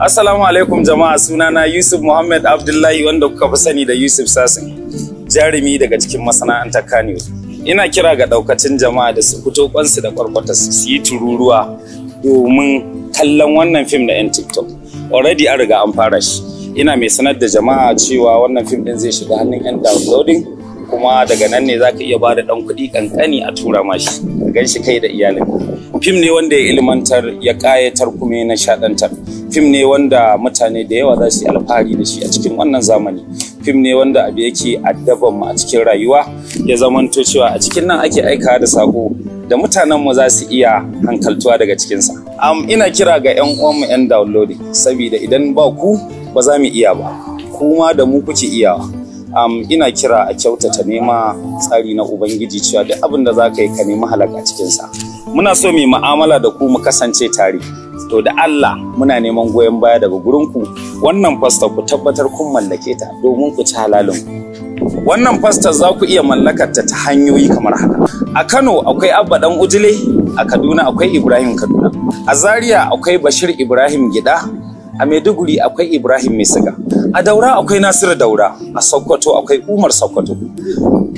Assalamu alaikum jama'a sunana Yusuf Muhammad Abdullahi wanda kuka fi sani da Yusuf Sasin jarumi daga cikin masana'antar Kano. Ina kira ga daukacin jama'a da su fito kwansu da kwarkwata su yi tururuwa domin kallon wannan fim da 'yan TikTok. Already an riga an fara shi. Ina mai sanar da jama'a cewa wannan fim din zai shiga hannun 'yan downloading kuma daga nan ne za ka iya ba da ɗan kuɗi ƙanƙani a tura mashi. Gan shi kai da iyalin. fim ne wanda ya ilmantar ya kayatar kuma ya nishaɗantar fim ne wanda mutane da yawa za su yi alfahari da shi a cikin wannan zamani fim ne wanda abu yake addaban mu a cikin rayuwa ya zamanto cewa a cikin nan ake aika da sako da mutanen mu za su iya hankaltuwa daga cikinsa um, ina kira ga 'yan uwanmu 'yan downloading saboda idan ba ku ba za mu iya ba kuma da mu kuke iyawa um, ina kira a kyautata nema tsari na ubangiji cewa da abin da za ka yi ka nemi halaka cikinsa muna so mai mu'amala da ku mu kasance tare to da Allah muna neman goyon baya daga gurinku wannan fasta ku tabbatar kun mallake ta domin ku ci halalin wannan fasta za ku iya mallakar ta ta hanyoyi kamar haka a Kano akwai Abba Dan Ujile a Kaduna akwai Ibrahim Kaduna a Zaria akwai Bashir Ibrahim Gida a Maiduguri akwai Ibrahim Misiga, a Daura akwai Nasiru Daura, a Sokoto akwai Umar Sokoto.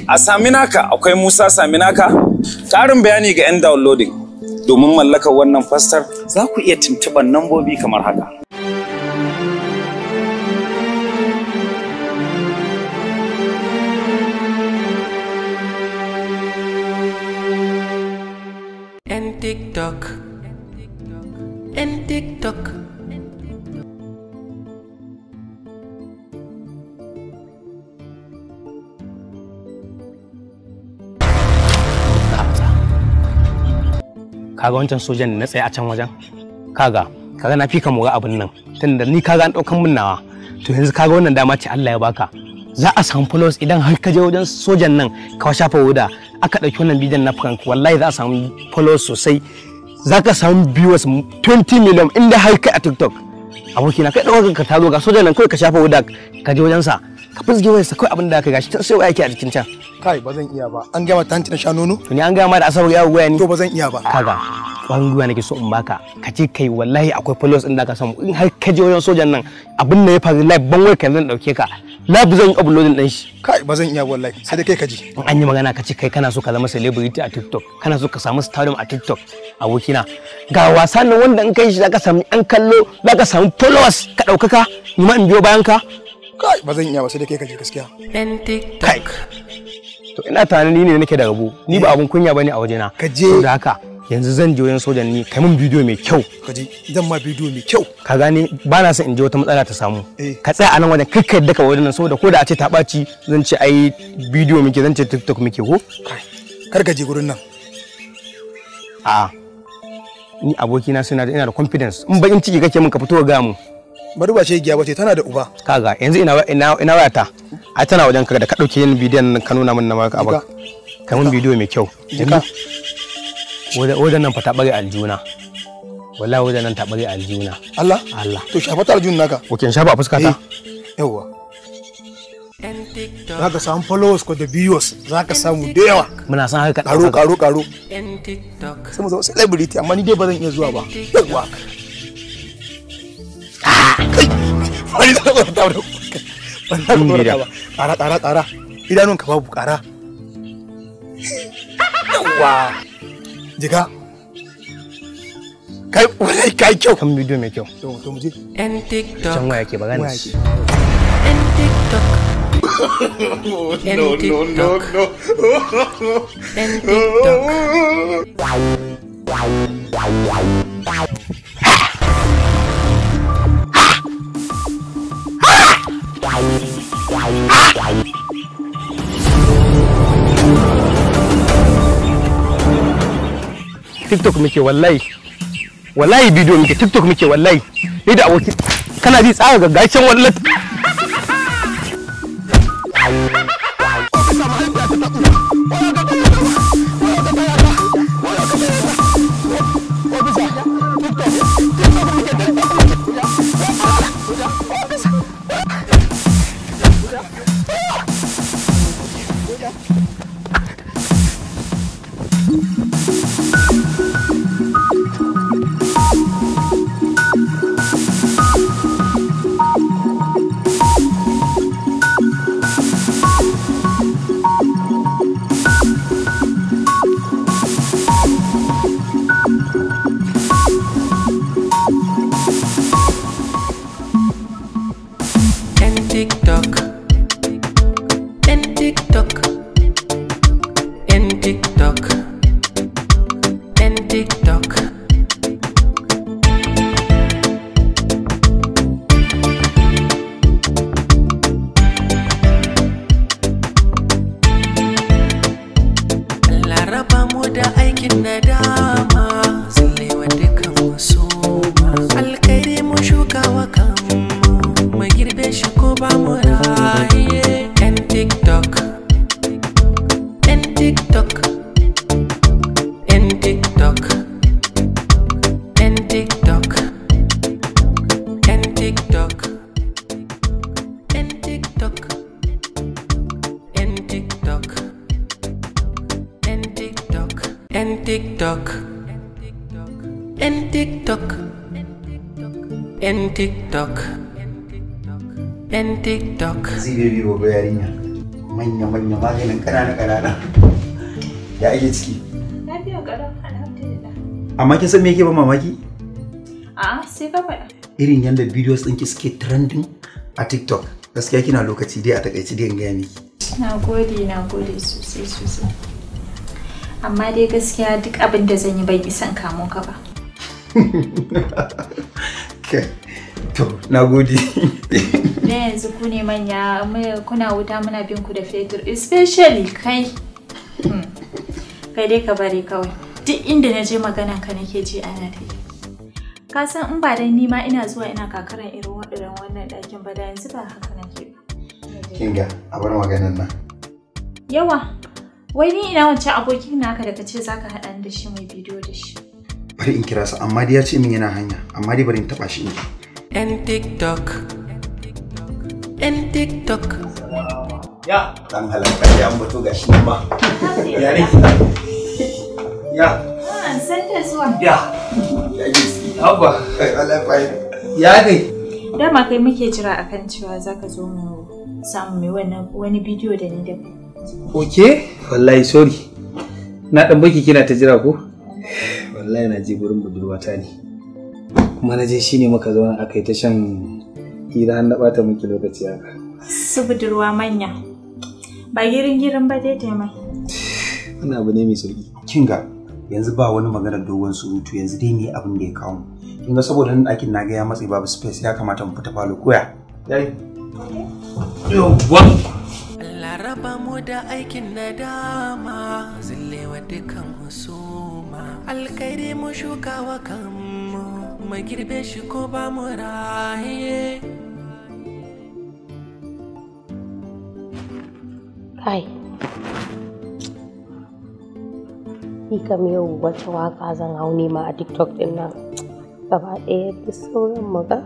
A Saminaka akwai Musa Saminaka. Karin bayani ga 'yan downloading domin mallakar wannan fastar za ku iya tuntuɓar nambobi kamar haka. TikTok. And TikTok. kaga wancan sojan na tsaye a can wajen kaga kaga na fika mura abin nan tunda ni kaga an daukan min nawa to yanzu kaga wannan dama ce Allah ya baka za a samu followers idan har ka je wajen sojan nan ka shafa wuda aka dauki wannan bidiyon na Frank wallahi za a samu followers sosai za ka samu viewers 20 million inda har kai a TikTok abokina kai dauka ka tazo ga sojan nan kai ka shafa wuda ka je wajen sa ka fizge wayarsa kawai abin da ka gashi tun sai waya yake a jikin can kai ba zan iya ba an gama ta hanci na sha nono to ni an gama da asabar yawo waya ni to ba zan iya ba kaga ban ruwa nake so in baka ka ce kai wallahi akwai followers din da ka samu in har ka je wajen sojan nan abin da ya faru live ban waya kan zan dauke ka live zan yi uploading din shi kai ba zan iya wallahi sai dai kai ka ji in an yi magana ka ce kai kana so ka zama celebrity a TikTok kana so ka samu stardom a TikTok abokina ga wasan nan wanda in kai shi zaka samu an kallo zaka samu followers ka daukaka ni ma in biyo bayan ka Kai ba zan iya ba sai da kai kaje gaskiya. Ɗan TikTok. To ina ni ne nake da rabo. Ni ba eh. abun kunya bane a wajena. Ka je. Da haka yanzu zan je wajen sojan ni kai min bidiyo mai kyau kaje zan ma bidiyo mai kyau ka gane ba na son in je wata matsala ta samu eh. ka tsaya a nan wajen kai yadda ka wajen nan saboda ko da a ce ta ɓaci zan ce ai bidiyo muke zan ce tiktok muke ko kar ka je gurin nan a ni abokina suna da ina da confidence in in ciki kake min ka fito ga mu bari ba giya ba ce tana da uba kaga yanzu ina ina ina wayata ai tana wajen kaga da ka dauke yin bidiyon ka nuna min na maka abak ka mun bidiyo mai kyau jika wajen nan fa ta bare aljuna wallahi wajen nan ta bare aljuna Allah Allah to shafa ta aljuna ka ko kin shafa fuska ta eh. yawa za ka samu followers ko da viewers za ka samu da yawa muna san haka karo karo karo sai mu zama celebrity amma ni dai ba zan iya zuwa ba yawa bari sa zo ta bari ban ta zo ba ƙara ƙara ƙara idanun ka babu ƙara yawa jiga kai wani kai kyau kan bidiyo mai kyau to mu tiktok can waya ke ba tiktok no tiktok tiktok muke wallahi wallahi bidiyo muke tiktok muke wallahi ni da abokin kana ji tsara gaggacin wallahi TikTok. En TikTok. En TikTok. En TikTok. Zai bai gobe yarinya. Manya manya maganin kanana kanana. Ya ake ciki. Lafiya y'a alhamdulillah. Amma kin san me yake ba mamaki? A'a sai ka faɗa. Irin yadda videos ɗinki suke trending a TikTok. Gaskiya kina lokaci dai a takaice dai in gaya miki. Na gode, na gode sosai sosai. amma dai gaskiya duk abin da zan yi ban isan kamo ka ba to na gode na yanzu ku ne manya kuna wuta muna bin ku da fetur especially kai hmm. kai dai ka bari kawai duk inda na je magana ka nake ji ana ta ka san in ba dai nima ina zuwa ina kakaran irin waɗannan wannan ɗakin ba da yanzu ba haka nake ba kinga a bar maganar nan yawa Wai ni ina wancan abokin naka da kace zaka haɗa ni da shi mai bidiyo da shi. Bari in kira sa amma dai ya ce min yana hanya amma dai bari in taba shi in ji. Yan TikTok. Yan TikTok. Ya. Dan halaka ya bato gashi nan ba. Ya ne. Ya. An san ta zuwa. Ya. Ya ji. Haba. Allah ya Ya dai. Dama kai muke jira akan cewa zaka zo mu samu mai wani bidiyo da ni da kai. ok wallahi sorry na dan baki kina ta jira ko wallahi na je gurin budurwata ne kuma na je shine muka zo aka yi ta shan hira na bata miki lokaci haka su budurwa manya ba girin girin ba dai mai. wani abu ne mai sauki kin ga yanzu ba wani maganar dogon surutu yanzu dai ne abin da ya kawo kin ga saboda nan ɗakin na ga ya matsi babu space ya kamata mu fita falo koya yayi yawwa raba mu da aikin nadama zillewa dukan husuma alkairi mu shuka wa kanmu mu girbe shi ko ba mu raye kai ni kam yau wata waka zan hau nema a tiktok din nan gaba ɗaya da sauran maga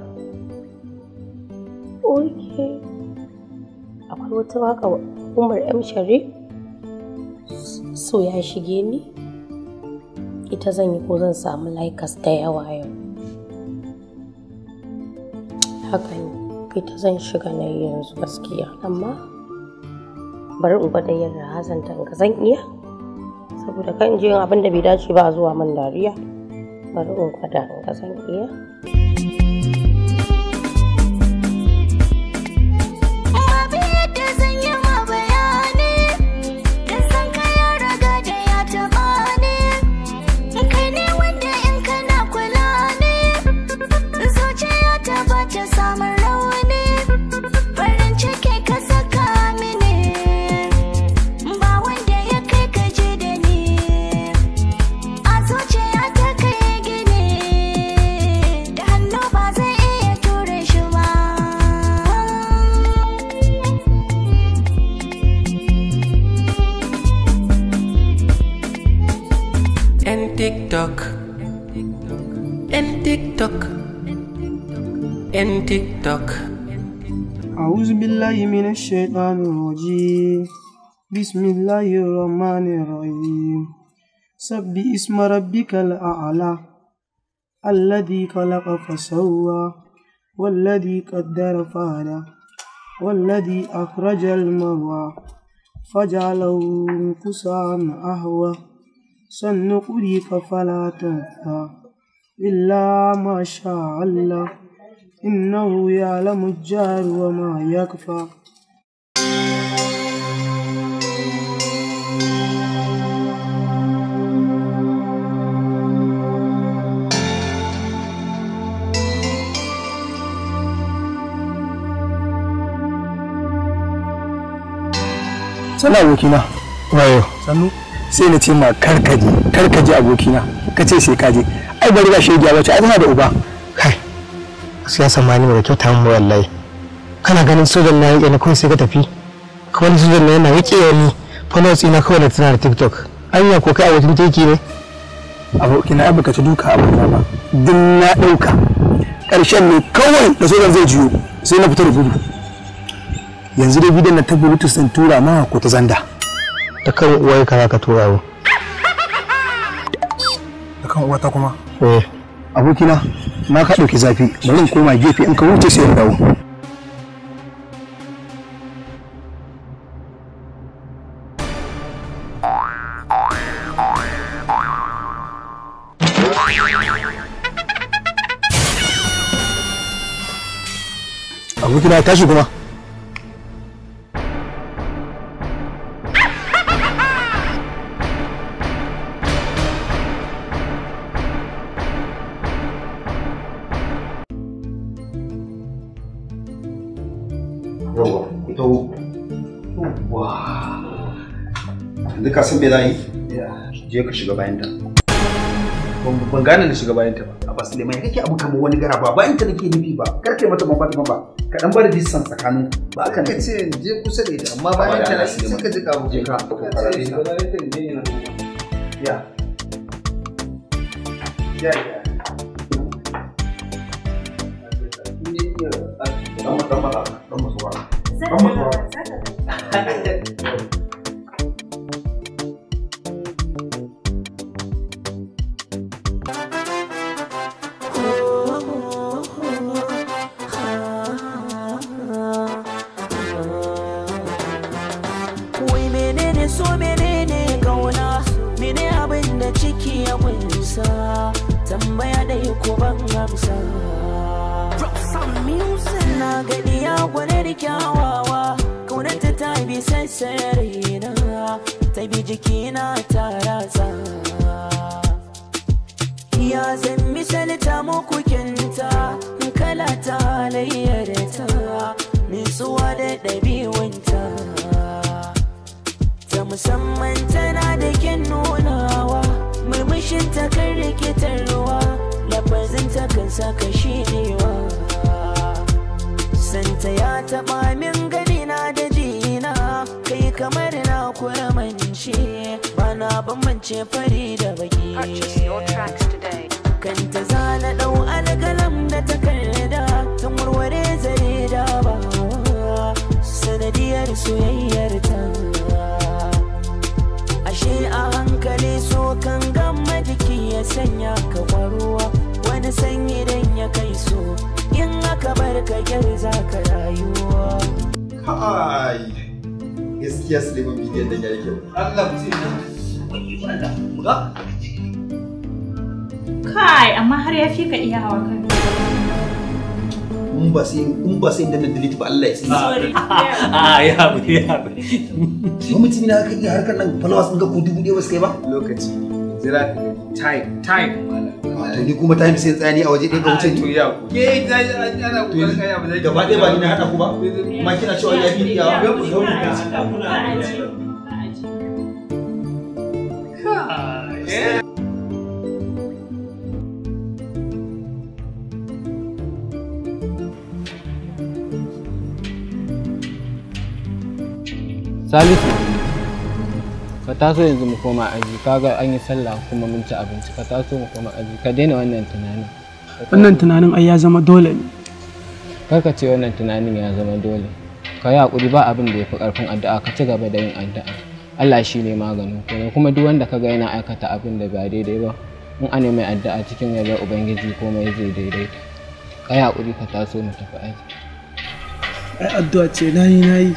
okay wata waka umar m sharif so ya shige ni ita zan yi ko zan samu laikas da yawa yau haka ne ita zan shiga na yanzu gaskiya amma bari in gwada yin rahazan tanga zan iya saboda kan je abin da bai dace ba zuwa man dariya bari in gwada in zan iya just summer الشيطان الرجيم بسم الله الرحمن الرحيم سب اسم ربك الأعلى الذي خلق فسوى والذي قدر فهدى والذي أخرج المرعى فجعله قسعا أهوى سنقريك فلا تنسى إلا ما شاء الله إنه يعلم الجار وما يكفى sana abokina wayo sannu sai na ce ma karkaje karkaje abokina ka ce sai kaje ai bari ba shege wace ai tana da uba kai gaskiya samani mai kyauta mu wallahi kana ganin sojan na yake na kawai sai ka tafi Wani sojan na yana yake ni, followers ina kawai na tana da tiktok anya ko kai abokin teki ne abokina ai baka ci duka na ba duk na dauka karshen ne kawai da sojan zai jiyo sai na fita da gudu yanzu dai bidan na ta mutu san tura ma ko ta zanda ta kan uwa ka ka tura ba. ta kan uwata kuma eh abokina na ka dauki zafi bari in koma gefe in ka wuce sai in dawo abokina tashi kuma ka san me yi? Je ka shiga bayan ta. ban gane na shiga bayan ta ba Abba Suleiman kake abu kamar wani gara ba bayan ta nake nufi ba kar kai mata mafata ba ka dan bar distance tsakanin ba ka ne ce je kusa da ita amma bayan ta sai ka ji ka je ka ya ya ya musamman tana da kyan nunawa murmushin ta kan rikitar ruwa lafazin ta kan saka shi newa santa ya taɓa min gani na da jina kai kamar na kura mance ba na mance fari da baki kan ta zana ɗau alƙalam da takarda ta warware zare da ba sanadiyar soyayyar ta ashe a hankali so kan gama jiki ya sanya ka kwaruwa wani sanyi idan ya kai so in aka bar ka gyar za ka rayuwa kai gaskiya suleiman bidiyon da yake Allah ku sai kai amma har ya fi ka iya hawa kan in ba sai ba Allah ya sani a ah, ya bu ya bu mu harkar nan followers din ga ku dubu lokaci jira time time ah, to ni kuma time sai a waje ɗaya ah, to ya ku ke da ana ku ba ba na hada kuma kina cewa ya ya Yeah. Salisu, ka taso yanzu mu koma aji, kaga an yi sallah kuma mun ci abinci, ka taso mu koma aji, ka daina wannan tunanin. Wannan tunanin ai ya zama dole ne. karka ce wannan tunanin ya zama dole. Ka yi hakuri ba abin da ya fi ƙarfin addu'a, ka ci gaba da yin addu'a. Allah shi ne maganin kuma kuma duk wanda kaga yana aikata abin da ba daidai ba, in ana mai addu'a cikin yardar Ubangiji mai zai daidai Ka yi hakuri ka taso mu tafi aji. Ai addu'a ce na yi.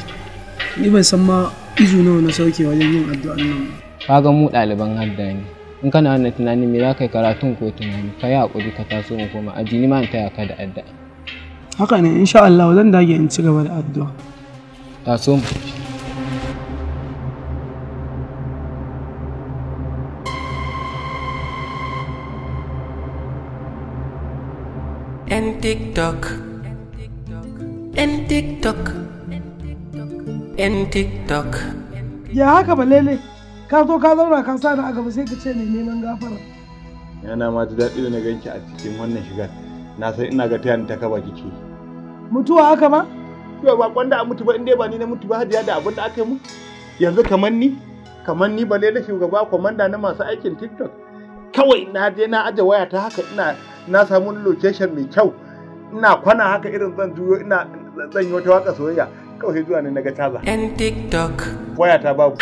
ni ban san ma izu nawa na sauke wajen yin addu'an nan ka ga mu ɗaliban hadda ne in kana wannan tunanin me za ka yi karatun ko tunani ka yi hakuri ka taso in koma aji ni ma in taya ka da addu'a haka ne insha Allah zan dage in ci gaba da addu'a taso mu and TikTok, and TikTok. 'yan tiktok ya haka ba lele ka zo ka zauna ka sa a gaba sai ka ce mai neman gafara yana ma ji daɗi na ganki a cikin wannan shigar na san ina ga taya ni ta kaba kike mutuwa haka ma ba kwanda a mutu ba inda ba ni na mutu ba hajiya da abin da aka yi mu yanzu kamar ni kamar ni ba lele shugaba kwamandan na masu aikin tiktok kawai na je na aje waya ta haka ina na samu location mai kyau ina kwana haka irin zan juyo ina zan yi wata waka soyayya kawai zuwa ne na ga caza yan tiktok waya ta babu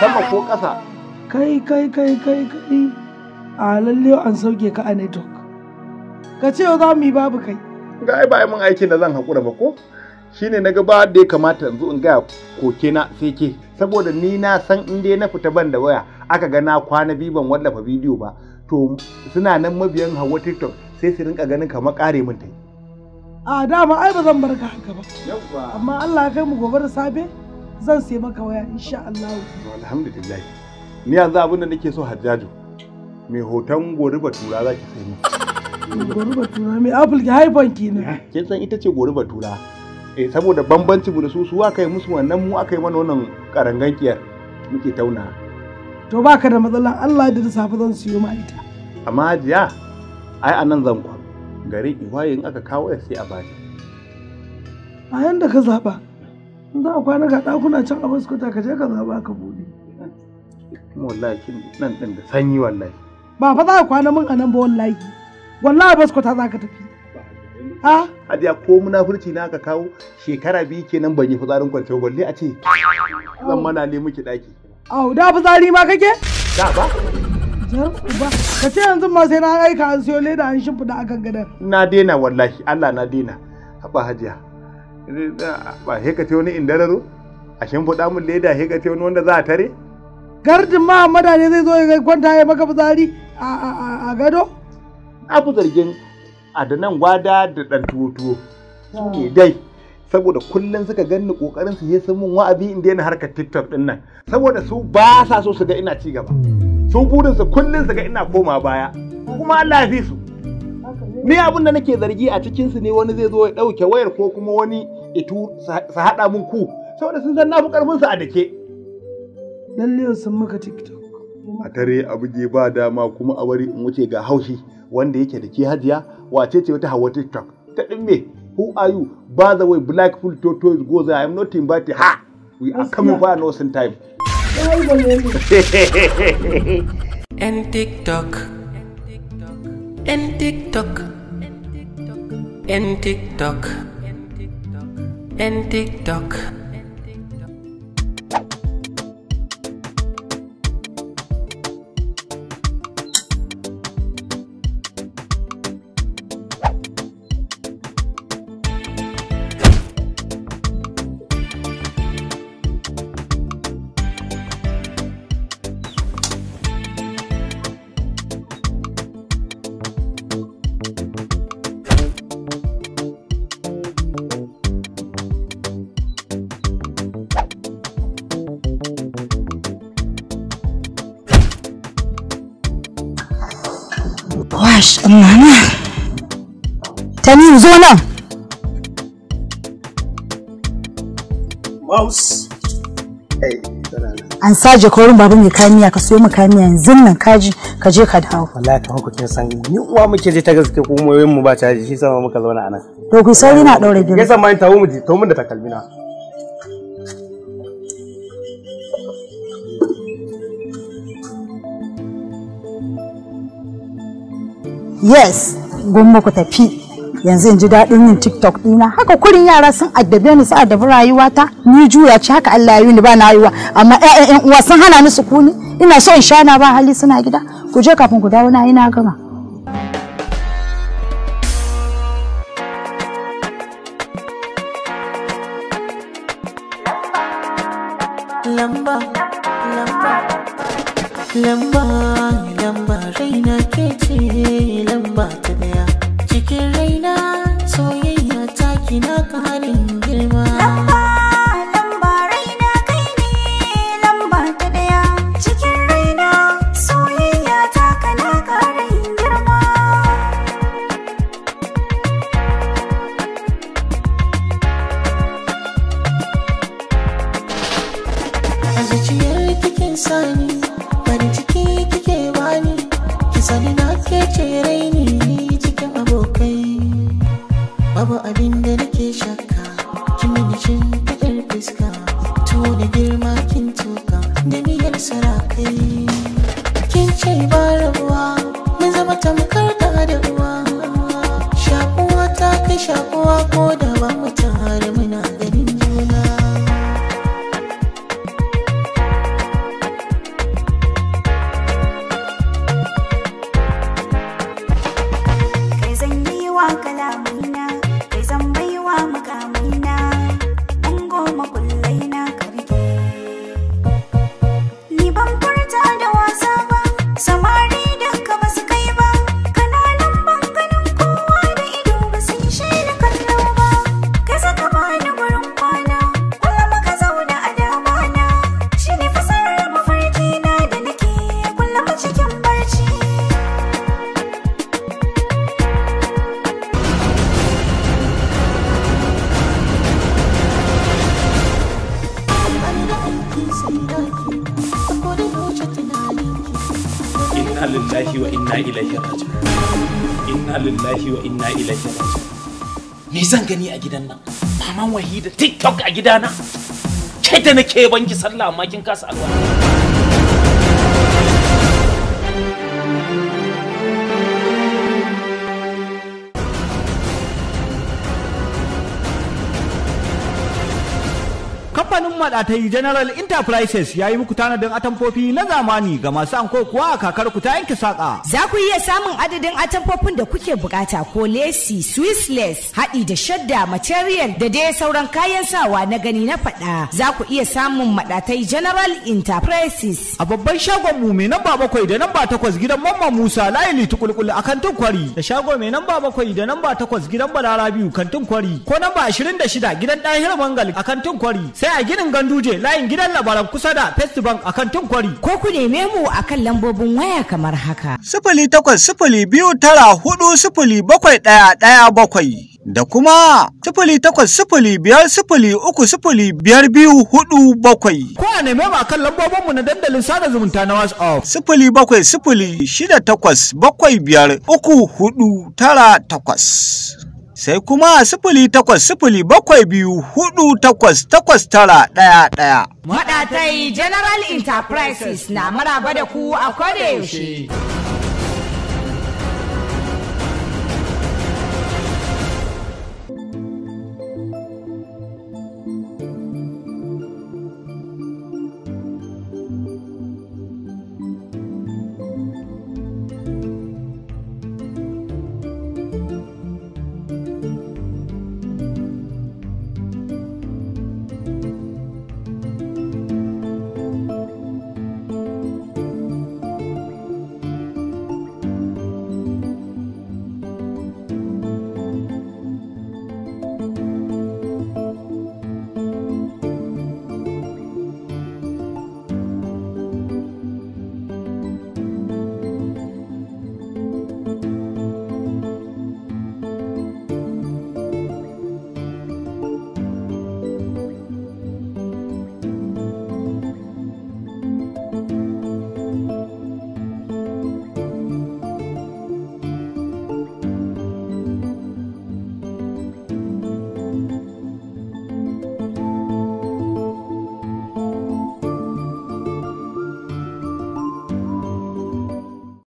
sama ko ƙasa kai kai kai kai kai a lalle an sauke ka a network ka ce za mu yi babu kai ga ai ba mun aikin da zan haƙura ba ko shine na ba da ya kamata yanzu in gaya koke na sai ke saboda ni na san in dai na fita ban da waya aka ga na kwana biyu ban wallafa bidiyo ba to suna nan mabiyan hawa tiktok sai su rinka ganin kamar kare min ta yi a dama ai ba zan bar ka haka ba amma Allah ya kai mu gobe da safe zan sai maka waya insha Allah alhamdulillah ni yanzu abin da nake so Hajjaju mai hoton gori batura zaki sai ni gori batura mai apple ki haifan ki ne kin san ita ce gori batura eh saboda bambanci mu da su su aka yi musu wannan mu aka yi mana wannan karangan kiyar muke tauna to baka da matsala. Allah da safe zan siyo ma ita amma hajiya ai anan zan kwa garin iwaye in aka kawo sai a bani bayan da ka zaba in za a kwana ga ɗakuna can a baskuta ka je ka zaba ka buɗe wallahi kin nan ɗin da sanyi wallahi ba fa za a kwana mun a nan ba wallahi wallahi baskuta za ka tafi ha hadiya ko munafurci na aka kawo shekara biyu kenan ban yi fitsarin kwance gwalle a ce zan mana ne miki daki au da fitsari ma kake da ba ka ce yanzu ma sai na aika an siyo leda an shimfiɗa a kan gadon na dena wallahi Allah na dena haɓa hajiya ah, ba he ka ce wani indararo a shimfiɗa mun leda he ka ce wani wanda za a tare gardin ma hamada ne zai zo ya kwanta ya maka fitsari a gado na fi zargin adanan gwada da ɗan tuwo-tuwo su ne dai saboda kullum suka ganni kokarin su yi sun mun wa'azi in daina harkar tiktok ɗin nan saboda su ba sa so su ga ina ci gaba. su kullun su ga ina koma baya kuma Allah fi su ni abin da nake zargi a cikinsu ne wani zai zo ya dauke wayar ko kuma wani itu su hada mun ku saboda sun san na karfin su a dake lalle sun maka tiktok a tare a buge ba dama kuma a wari in wuce ga haushi wanda yake da ke hajiya wace ce wata hawa tiktok ta ɗin me who are you by the way black full tortoise goes i am not invited ha we are coming for no time and TikTok. And TikTok. And TikTok. And TikTok. And tock mouse an saje jakorin babu mai kamiya ka siyo mu kamiya yanzu nan kaji ka je ka dawo wallahi kamar ku san ni uwa muke je ta gaske ko mu mu ba caji shi sama muka zauna anan to ku sauri na daure gida yasa mai tawo mu ji to mun da takalmina yes gumma ku tafi yanzu in ji daɗin yin tiktok ɗina haka kurin yara sun addabe ni su addabi rayuwata ni juya ce haka Allah ya yi ni ba na haihuwa amma ƴaƴan ƴan uwa sun hana ni sukuni ina so in sha shana ba hali suna gida ku je kafin ku dawo na ina gama lamba lamba lamba lamba raina ke ce lamba inna ilaihi raji'un inna lillahi wa inna ilaihi raji'un me zan gani a gidan nan maman wahida tiktok a gidana kai da nake banki sallah amma kin kasa alwala faɗa ta yi General Enterprises ya yi muku tanadin atamfofi na zamani ga masu anko kuwa a kakar ku ta yanke saƙa. Za ku iya samun adadin atamfofin da kuke bukata ko lesi, swissless, haɗi da shadda, material da dai sauran kayan sawa na gani na faɗa. Za ku iya samun maɗatai General Enterprises. A babban shagon mu mai namba bakwai da namba takwas gidan Mamma Musa layi tukulkul a kantin kwari. Da shago mai namba bakwai da namba takwas gidan Balarabiu kantin kwari. Ko namba ashirin da shida gidan Ɗahir Mangal a kantin kwari. Sai a ginin Ganduje layin gidan labaran kusa da Festival a kan Tunkwari. Ko ku neme mu a kan lambobin waya kamar haka. Sifili takwas sifili biyu tara hudu sifili bakwai ɗaya ɗaya bakwai. Da kuma sifili takwas sifili biyar sifili uku sifili biyar biyu hudu bakwai. Ko a neme mu a kan mu na dandalin sada zumunta na WhatsApp. Sifili bakwai sifili shida takwas bakwai biyar uku hudu tara takwas. sai kuma sifili takwas sifili bakwai biyu hudu takwas takwas tara ɗaya ɗaya. Maɗatai General Enterprises na maraba da ku a yaushe.